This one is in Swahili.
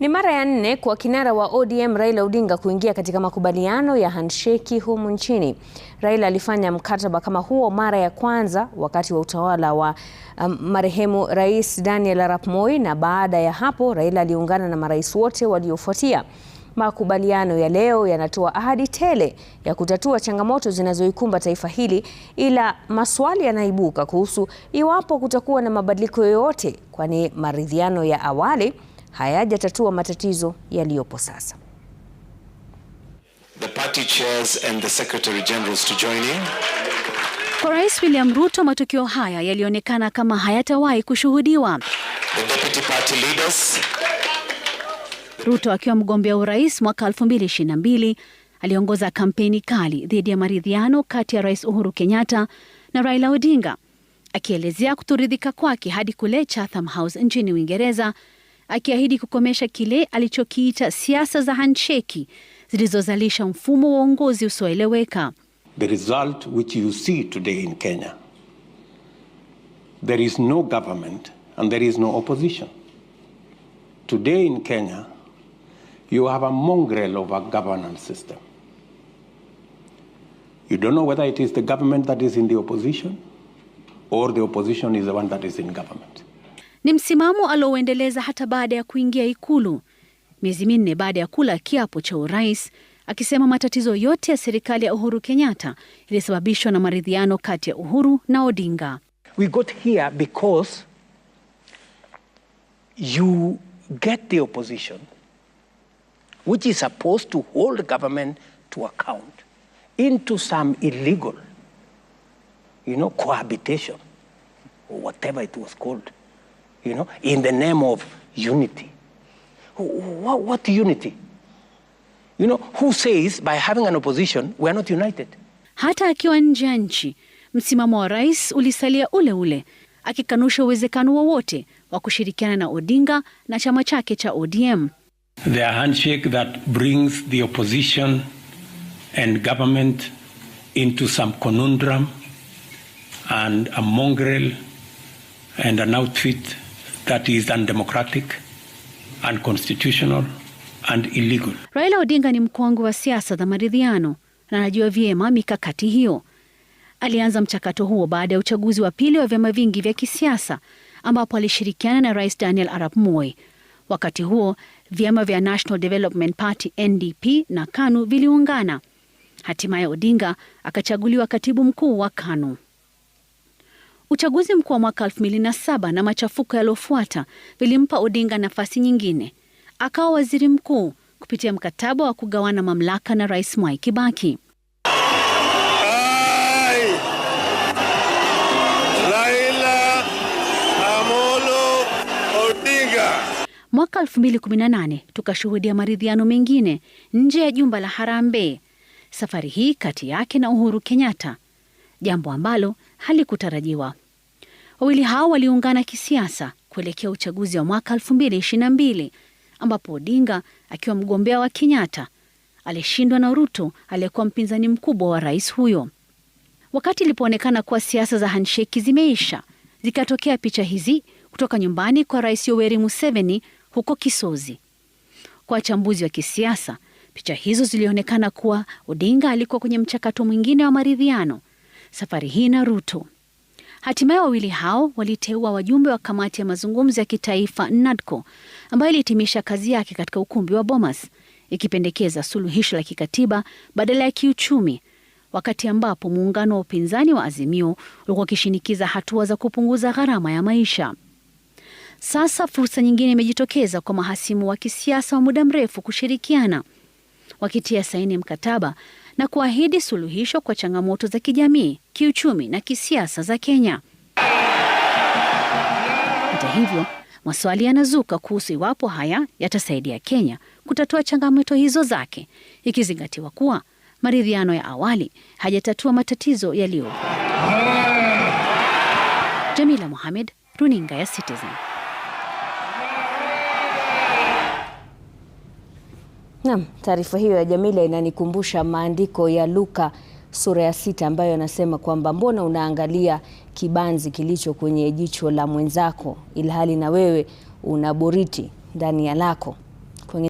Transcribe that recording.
Ni mara ya nne kwa kinara wa ODM Raila Odinga kuingia katika makubaliano ya handshake humu nchini. Raila alifanya mkataba kama huo mara ya kwanza wakati wa utawala wa um, marehemu Rais Daniel Arap Moi na baada ya hapo Raila aliungana na marais wote waliofuatia. Makubaliano ya leo yanatoa ahadi tele ya kutatua changamoto zinazoikumba taifa hili, ila maswali yanaibuka kuhusu iwapo kutakuwa na mabadiliko yoyote, kwani maridhiano ya awali hayajatatua matatizo yaliyopo sasa. The party chairs and the secretary generals to join in. Kwa Rais William Ruto, matukio haya yalionekana kama hayatawahi kushuhudiwa. The deputy party leaders. Ruto akiwa mgombea urais mwaka 2022 aliongoza kampeni kali dhidi ya maridhiano kati ya Rais Uhuru Kenyatta na Raila Odinga, akielezea kutoridhika kwake hadi kule Chatham House nchini Uingereza akiahidi kukomesha kile alichokiita siasa za hancheki zilizozalisha mfumo wa uongozi usioeleweka. The result which you see today in Kenya. There is no government and there is no opposition. Today in Kenya, you have a mongrel of a governance system. You don't know whether it is the government that is in the opposition or the opposition is the one that is in government. Ni msimamo alioendeleza hata baada ya kuingia Ikulu, miezi minne baada ya kula kiapo cha urais, akisema matatizo yote ya serikali ya Uhuru Kenyatta ilisababishwa na maridhiano kati ya Uhuru na Odinga. We got here because you get the opposition which is supposed to hold government to account into some illegal you know, cohabitation or whatever it was called you know, in the name of unity. What, what unity? You know, who says by having an opposition we are not united? Hata akiwa nje ya nchi, msimamo wa rais ulisalia ule ule, akikanusha uwezekano wowote wa kushirikiana na Odinga na chama chake cha ODM. The handshake that brings the opposition and government into some conundrum and a mongrel and an outfit that is undemocratic, unconstitutional and illegal. Raila Odinga ni mkongwe wa siasa za maridhiano na anajua vyema mikakati hiyo. Alianza mchakato huo baada ya uchaguzi wa pili wa vyama vingi vya kisiasa ambapo alishirikiana na Rais Daniel Arap Moi. Wakati huo vyama vya National Development Party NDP na KANU viliungana. Hatimaye Odinga akachaguliwa katibu mkuu wa KANU. Uchaguzi mkuu wa mwaka 2007 na machafuko yaliyofuata vilimpa Odinga nafasi nyingine, akawa waziri mkuu kupitia mkataba wa kugawana mamlaka na Rais Mwai Kibaki. Mwaka 2018 tukashuhudia maridhiano mengine nje ya jumba la Harambee, safari hii kati yake na Uhuru Kenyatta, jambo ambalo halikutarajiwa. Wawili hao waliungana kisiasa kuelekea uchaguzi wa mwaka 2022 ambapo Odinga akiwa mgombea wa Kenyatta alishindwa na Ruto aliyekuwa mpinzani mkubwa wa rais huyo. Wakati ilipoonekana kuwa siasa za hansheki zimeisha, zikatokea picha hizi kutoka nyumbani kwa Rais Yoweri Museveni huko Kisozi. Kwa wachambuzi wa kisiasa, picha hizo zilionekana kuwa Odinga alikuwa kwenye mchakato mwingine wa maridhiano, safari hii na Ruto. Hatimaye wawili hao waliteua wajumbe wa kamati ya mazungumzo ya kitaifa NADCO ambayo ilihitimisha kazi yake katika ukumbi wa Bomas ikipendekeza suluhisho la kikatiba badala ya kiuchumi, wakati ambapo muungano wa upinzani wa Azimio ulikuwa ukishinikiza hatua za kupunguza gharama ya maisha. Sasa fursa nyingine imejitokeza kwa mahasimu wa kisiasa wa muda mrefu kushirikiana wakitia saini mkataba na kuahidi suluhisho kwa changamoto za kijamii, kiuchumi na kisiasa za Kenya. Hata hivyo, maswali yanazuka kuhusu iwapo haya yatasaidia Kenya kutatua changamoto hizo zake, ikizingatiwa kuwa maridhiano ya awali hajatatua matatizo yaliyo. Jamila Mohamed, runinga ya Citizen. Naam, taarifa hiyo ya Jamila inanikumbusha maandiko ya Luka sura ya sita ambayo anasema kwamba mbona unaangalia kibanzi kilicho kwenye jicho la mwenzako ilhali na wewe una boriti ndani ya lako.